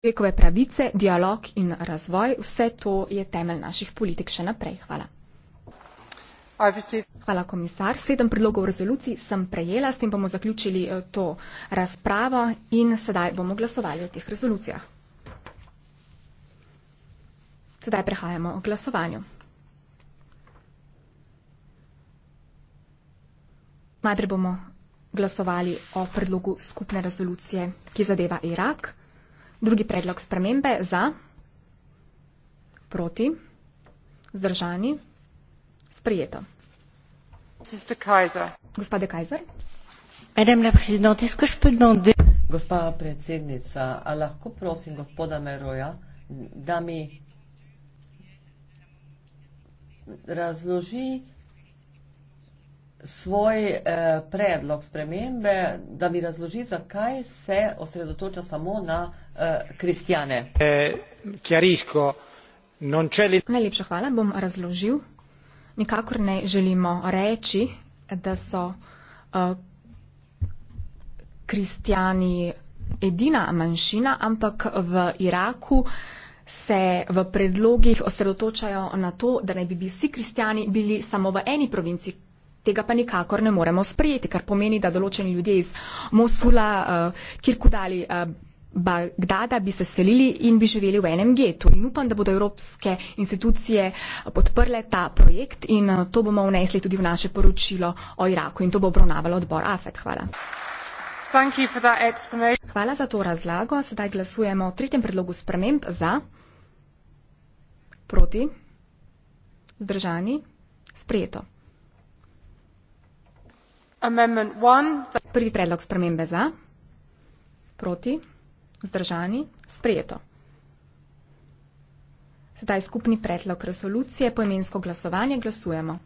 človekove pravice, dialog in razvoj, vse to je temelj naših politik še naprej. Hvala. Hvala, komisar. Sedem predlogov rezolucij sem prejela, s tem bomo zaključili eh, to razpravo in sedaj bomo glasovali o teh rezolucijah. Sedaj prehajamo o glasovanju. Najprej bomo glasovali o predlogu skupne rezolucije, ki zadeva Irak. Drugi predlog spremembe za, proti, zdržani, sprijeto. Gospod Kajzer. Gospa predsednica, a lahko prosim gospoda Meroja, da mi razloži svoj eh, predlog spremembe, da mi razloži, zakaj se osredotoča samo na eh, kristjane. Eh, Najlepša hvala, bom razložil. Nikakor ne želimo reči, da so eh, kristjani edina manjšina, ampak v Iraku se v predlogih osredotočajo na to, da ne bi vsi kristjani bili samo v eni provinci tega pa nikakor ne moremo sprejeti, kar pomeni, da določeni ljudje iz Mosula, uh, Kirkudali, uh, Bagdada bi se selili in bi živeli v enem getu. In upam, da bodo evropske institucije podprle ta projekt in uh, to bomo vnesli tudi v naše poročilo o Iraku in to bo obravnaval odbor AFET. Hvala. Hvala za to razlago. Sedaj glasujemo o tretjem predlogu sprememb za, proti, zdržani, sprejeto. Prvi predlog spremembe za, proti, vzdržani, sprejeto. Sedaj skupni predlog resolucije, poimensko glasovanje, glasujemo.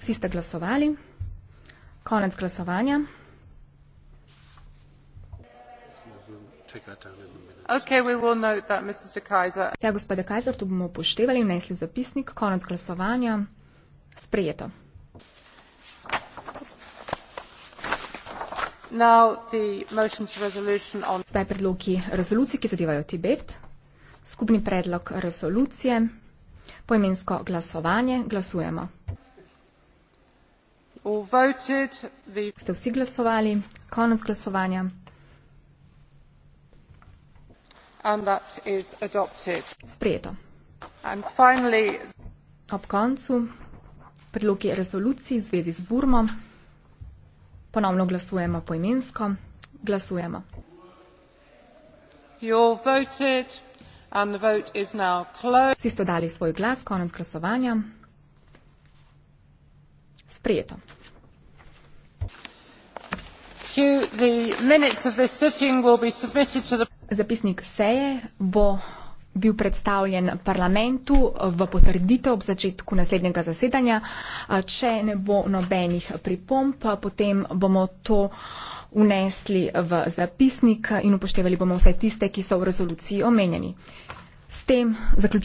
Vsi ste glasovali. Konec glasovanja. Ja, gospod Kajzer, to bomo upoštevali, vnesli zapisnik, konec glasovanja. Sprejeto. Zdaj predlogi rezolucij, ki zadevajo Tibet. Skupni predlog rezolucije. Poimensko glasovanje. Glasujemo. Ste vsi glasovali? Konec glasovanja. Sprejeto. Ob koncu predlogi rezoluciji v zvezi z Burmo. Ponovno glasujemo poimensko. Glasujemo. Vsi ste dali svoj glas, konec glasovanja. Sprijeto. Zapisnik seje bo bil predstavljen parlamentu v potrditev ob začetku naslednjega zasedanja. Če ne bo nobenih pripomp, potem bomo to unesli v zapisnik in upoštevali bomo vse tiste, ki so v rezoluciji omenjeni. S tem zaključujem.